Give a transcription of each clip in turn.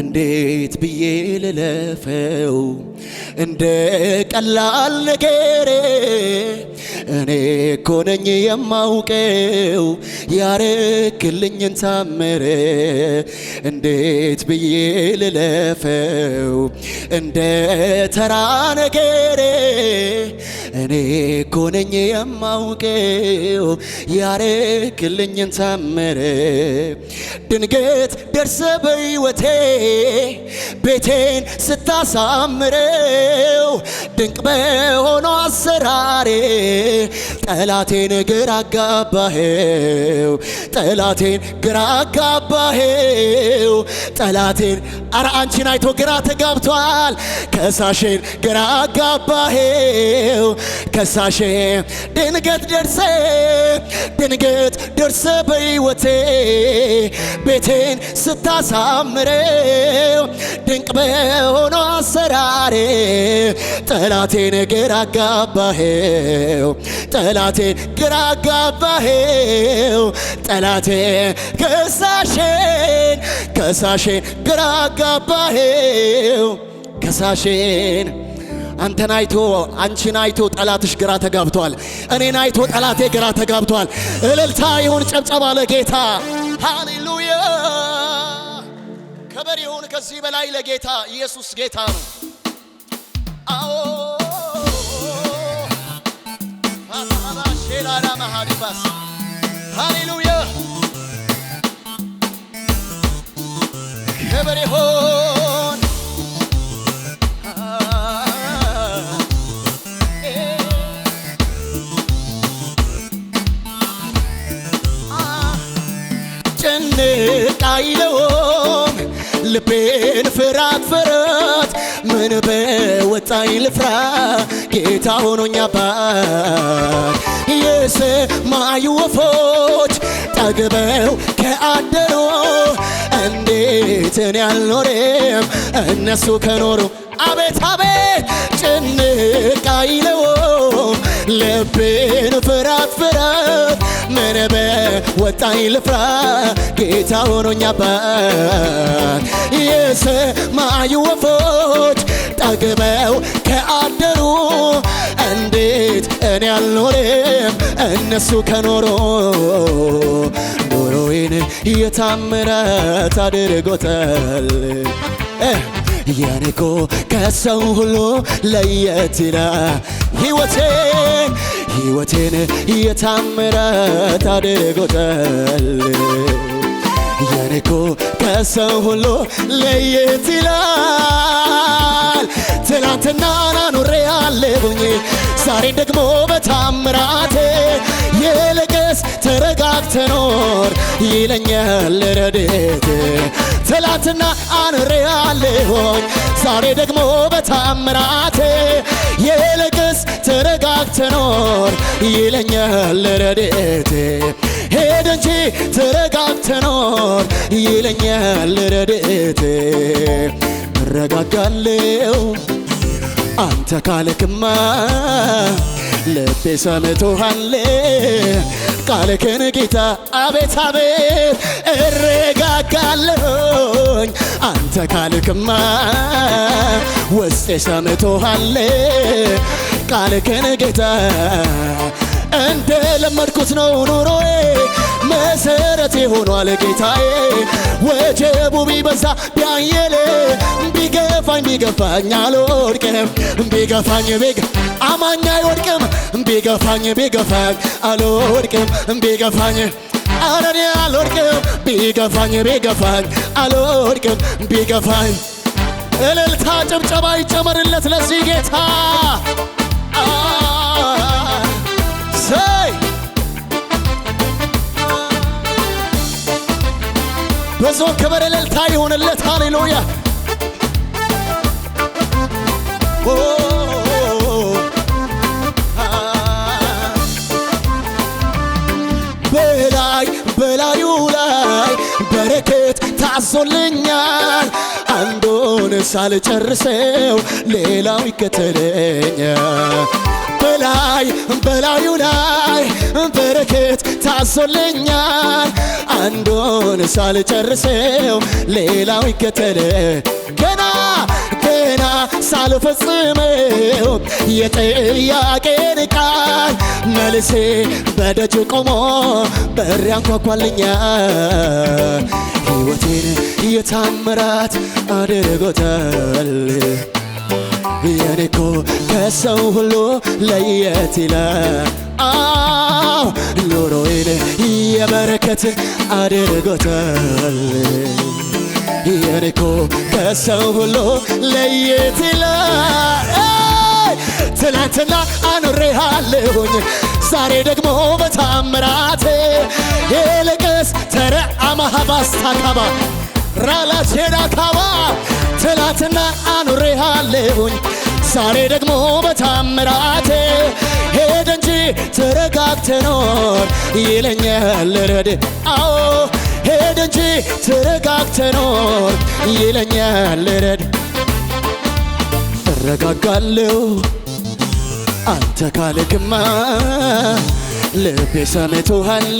እንዴት ብዬ ልለፈው እንደ ቀላል ነገሬ እኔ እኮ ነኝ የማውቀው ያረክልኝን ታምር እንዴት ብዬ ልለፈው እንደ ተራ ነገሬ እኔ እኮ ነኝ የማውቀው ያረክልኝን ታምር ድንገት ደርሰ በሕይወቴ ቤቴን ስታሳምረው ድንቅ በሆነው አሰራሬ ጠላቴን ግራ አጋባሄው ጠላቴን ግራ አጋባሄው ጠላቴን አረ አንቺን አይቶ ግራ ተጋብቷል ከሳሼን ግራ አጋባሄው ከሳሼ ድንገት ደርሰ ድንገት ደርሰ በሕይወቴ ቤቴን ስታሳምረው ድንቅ በሆነ አሰራሬ ጠላቴን ግራ አጋባሄው ጠላቴ ግራ ጋባሄው ጠላቴ ከሳሸን ከሳሼን ግራ ጋባሄው ከሳሼን አንተን አይቶ አንቺን አይቶ ጠላትሽ ግራ ተጋብቷል። እኔን አይቶ ጠላቴ ግራ ተጋብቷል። እልልታ ይሁን ጨብጨባ ለጌታ ሃሌሉያ። ከበር ይሁን ከዚህ በላይ ለጌታ ኢየሱስ ጌታ ነው። ሌላና ሃሌሉያ ክብር ይሁን ጭንቅ አይለውም ልቤን ፍራት ፍረ ምን በወጣኝ ልፍራ ጌታ ሆኖኛ አባት የሰማዩ ወፎች ጠግበው ከአደሩ እንዴት እኔ አልኖርም እነሱ ከኖሩ አቤት አቤት ጭንቅ አይለወ ልቤን ፍራት ፍራት መነበ ወጣኝ ልፍራ ጌታ ሆኖኛ አባት የሰማዩ ወፎች ጠግበው ከአደሩ እንዴት እኔ አልኖርም እነሱ ከኖሮ ኑሮዬን የታምራት አድርጎታል የኔኮ ከሰው ሁሉ ለየትና ሕይወቴን ሕይወቴን የታምራት አድርጎታል። የኔኮ ከሰው ሁሉ ለየት ይላል። ትናንትናን አኑሬ አለሁኝ ዛሬ ደግሞ በታምራቴ የለቅ ድረስ ተረጋግተ ኖር ይለኛል ረድኤቴ። ትላንትና አንሬያለሁኝ ዛሬ ደግሞ በታምራቴ የልቅስ ተረጋግተ ኖር ይለኛል ረድኤቴ። ሄድ እንጂ ተረጋግተ ኖር ይለኛል ረድኤቴ እረጋጋለሁ አንተ ካልክማ ልቤ ሰምቶሃል ቃልክን ጌታ አቤት አቤት እረጋጋለሁኝ አንተ ካልክማ ውስጤ ሰምቶሃል ቃልክን ጌታ እንደ ለመድኩት ነው ኑሮዬ መሰረቴ ሆኗል ጌታዬ። ወጀቡ ቢበዛ ቢያየለ ቢገፋኝ ቢገፋኝ አልወድቅም ቢገፋኝ ቢገ አማኝ አይወድቅም ቢገፋኝ ቢገፋኝ አልወድቅም ቢገፋኝ አረኔ አልወድቅም ቢገፋኝ ቢገፋኝ አልወድቅም ቢገፋኝ እልልታ ጭብጨባ ይጨመርለት ለዚህ ጌታ እሰይ በዞ ከበረ እልልታ ይሆንለት። ሃሌሉያ በላይ በላዩ ላይ በረከት ታዞልኛል። አንዱን ሳልጨርሰው ሌላው ይከተለኛል። በላይ በላዩ ላይ በረከት ታሶልኛል። አንዱን ሳልጨርሰው ሌላው ይከተለ ገና ገና ሳልፈጽመው የጥያቄን ቃል መልሴ በደጅ ቆሞ በር ያንኳኳልኛል። ሕይወቴን የተአምራት አድርጎታል። የኔኮ ከሰው ሁሉ ለየት ይላል። አዎ ኑሮዬን የበረከት አድርጎታል። የኔኮ ከሰው ሁሉ ለየት ይላል። ትላንትና አኑሬሃለሁኝ ዛሬ ደግሞ በታምራት የልቅስ ተረ አማሃባስታካባ አኑሬ አኑሬሃለሁኝ ዛሬ ደግሞ በታምራቴ ሄደ እንጂ ተረጋግተ ኖር ይለኛል ረድ አዎ ሄደ እንጂ ተረጋግተ ይለኛል ረድ እረጋጋለሁ አንተ ካልክማ ልቤ ሰምቶሃል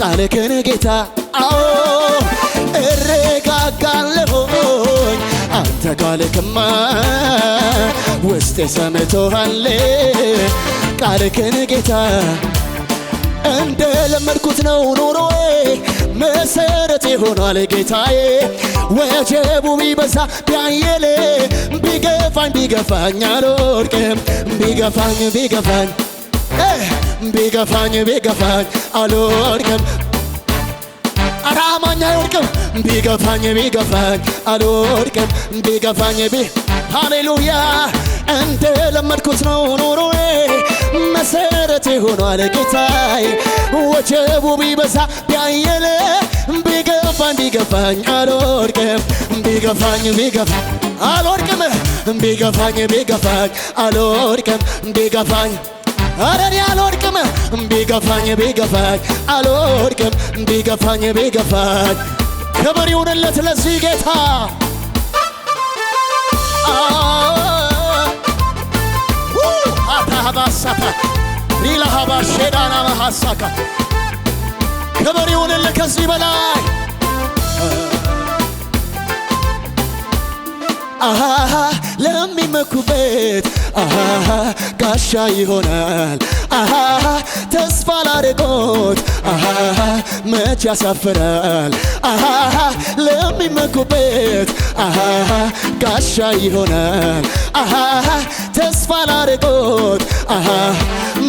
ቃልክን ጌታ አዎ አለሆኝ አንተ ቃልክማ ውስጤ ሰምቶሃል ቃልክን ጌታ እንደ ለመድኩት ነው ኑሮዬ መሰረት ይሆኗል ጌታዬ ወጀቡ ቢበዛ ቢያየሌ ቢገፋኝ ቢገፋኝ አልወድቅም ቢገፋኝ ቢገፋኝ ቢገፋኝ ቢገፋኝ አልወድቅም ታማኝ አይወድቅም። ቢገፋኝ ቢገፋኝ አልወድቅም። ቢገፋኝ ቢ ሃሌሉያ እንደ ለመድኩት ነው ኑሮዬ መሰረቴ ሆኗል ጌታዬ ወጀቡ ቢበዛ ቢያየለ ቢገፋኝ ቢገፋኝ አልወድቅም ቢገፋኝ ቢገፋኝ አልወድቅም ቢገፋኝ ቢገፋኝ አልወድቅም ቢገፋኝ አረኔ አልወድቅም ቢገፋኝ ቢገፋኝ አልወድቅም ቢገፋኝ ቢገፋኝ ክብር ይሁንለት ለዚህ ጌታ አታሃባሳታ ሪላሃባ ሼዳና መሐሳካ ክብር ይሁንልህ ከዚህ በላይ አሃሃ ለሚመኩበት አሃሃ ጋሻ ይሆናል አሃሃ ተስፋ ላደረጉት አሃሃ መች ያሳፍራል አሃሃ ለሚመኩበት አሃሃ ጋሻ ይሆናል አሃሃ ተስፋ ላደረጉት አሃ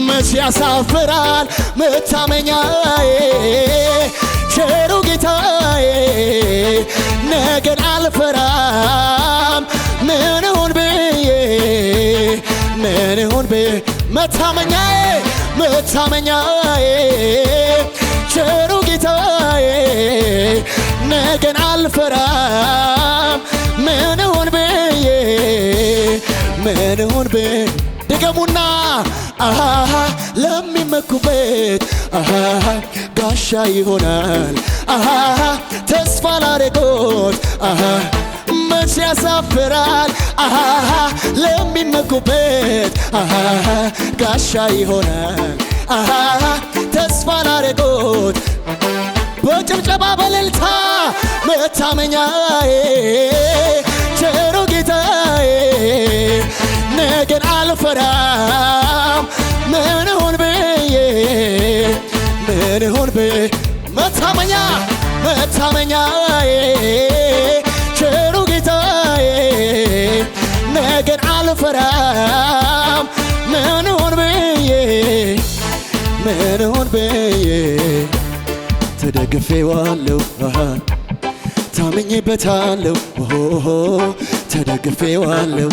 መች ያሳፍራል መታመኛዬ ቸሩ ጌታዬ ነገን አልፈራም። ምን ሁን ብዬ ምን ሁን ብ መታመኛዬ መታመኛዬ ቸሩ ጌታዬ ነገን አልፈራም። ምን ሁን ብዬ ምን ሁን ብዬ ይገቡና ለሚመኩበት ጋሻ ይሆናል ተስፋ ላደረጉት መቼ ያሳፍራል ለሚመኩበት ጋሻ ይሆናል ተስፋ ላደረጉት በጭብጨባ በልልታ መታመኛዬ ቸሩ ጌታዬ ግን አልፈራም። ምን ሆን ብዬ ምን ሆን ብዬ መታመኛ መታመኛዬ ቸሩ ጌታዬ ነገን አልፈራም። ምን ሆን ብዬ ምን ሆን ብዬ ተደግፌዋለሁ ታምኜበታለሁ ተደግፌዋለሁ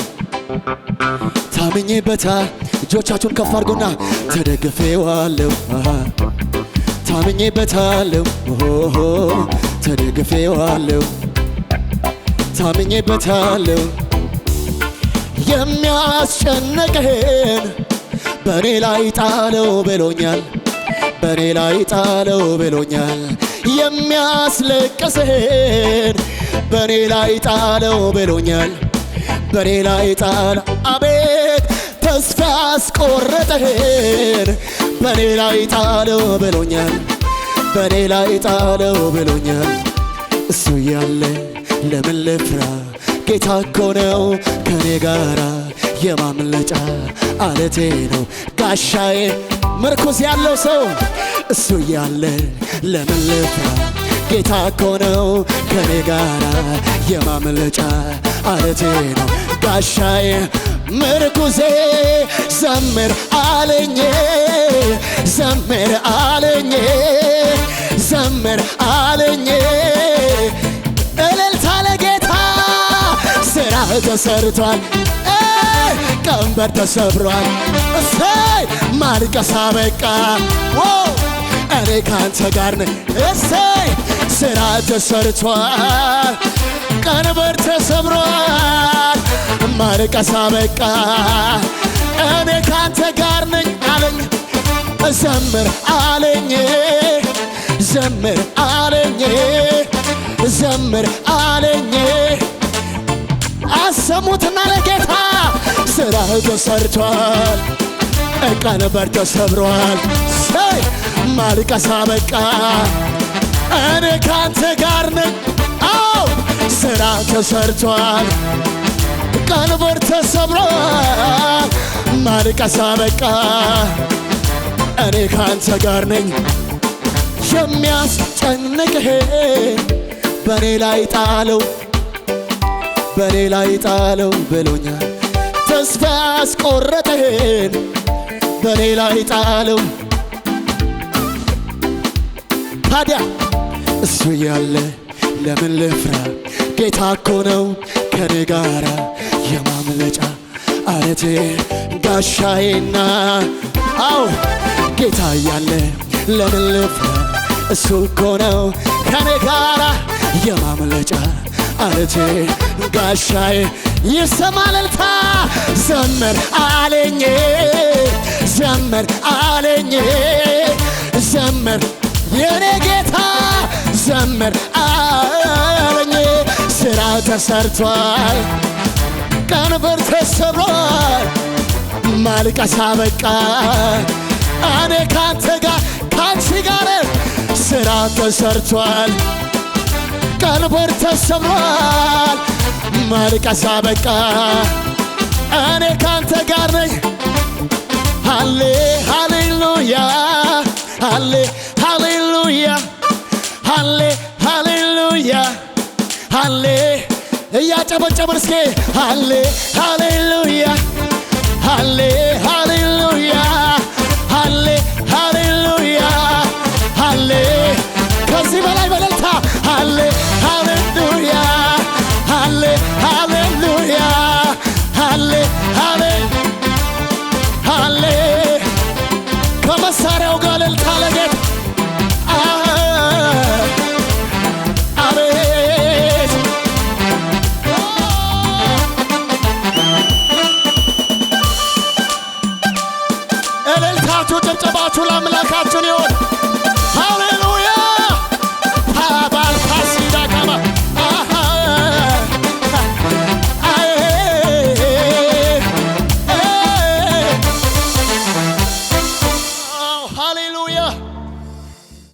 ታምኜበታ እጆቻችሁን ከፍ አድርጎና ተደግፌዋለሁ ታምኜበታለሁ ተደግፌዋለሁ ታምኜበታለሁ የሚያስጨንቅህን በእኔ ላይ ጣለው ብሎኛል በእኔ ላይ ጣለው ብሎኛል የሚያስለቅስህን በእኔ ላይ ጣለው ብሎኛል በሌላ ይጣል አቤት ተስፋ ያስቆረጠህን በሌላ ጣለው ብሎኛል በሌላ ጣለው ብሎኛል እሱ ያለ ለምን ልፍራ ጌታ እኮ ነው ከኔ ጋራ የማምለጫ አለቴ ነው ጋሻዬ ምርኩዝ ያለው ሰው እሱ ያለ ለምን ልፍራ ጌታ እኮ ነው ከኔ ጋራ የማምለጫ አለቴ ነው ጋሻዬ ምርኩዜ ዘምር አለኝ ዘምር አለኝ ዘምር አለኝ እልልታ ለጌታ ስራ ተሰርቷል ቀንበር ተሰብሯል እሰይ ማልቀሳ በቃ እኔ ካንተ ጋር ነኝ እሰይ ስራ ተሰርቷል፣ ቀንበር ተሰብሯል፣ ማልቀሳ በቃ እኔ ካንተ ጋር ነኝ አለኝ። ዘምር አለኝ ዘምር አለኝ ዘምር አለኝ አሰሙትና ለጌታ ስራህ ተሰርቷል፣ ቀንበር ተሰብሯል፣ ማልቀሳ በቃ እኔ ካንተ ጋር ነኝ። አው ስራ ተሰርቷል፣ ቀንበር ተሰብሯል፣ ማልቀሳ በቃ እኔ ካንተ ጋር ነኝ። የሚያስጨንቅህ በኔ ላይ ጣለው በእኔ ላይ ጣለው ብሎኛል። ተስፋ ያስቆረጠህን በኔ ላይ ጣለው ታዲያ እሱ ያለ ለምን ልፍራ? ጌታ እኮ ነው ከኔ ጋራ የማምለጫ አለቴ ጋሻዬና አው ጌታ ያለ ለምን ልፍራ? እሱ እኮ ነው ከኔ ጋራ የማምለጫ አለቴ ጋሻዬ ይሰማልልታ ዘመር አለኝ ዘመር አለኝ ዘመር የኔ ጌታ ዘምር አለኝ። ስራ ተሰርቷል፣ ቀንበር ተሰብሯል፣ ማልቀስ አበቃ። እኔ ካንተ ጋር ካንቺ ጋር ስራ ተሰርቷል፣ ቀንበር ተሰብሯል፣ ማልቀስ አበቃ። እኔ ካንተ ጋር ነኝ ሃሌ ሃሌሉያ ሃሌ ሃሌሉያ ሃሌ ሃሌሉያ ሃሌ እያጨበጨብን እስኪ ሃሌ ሃሌሉያ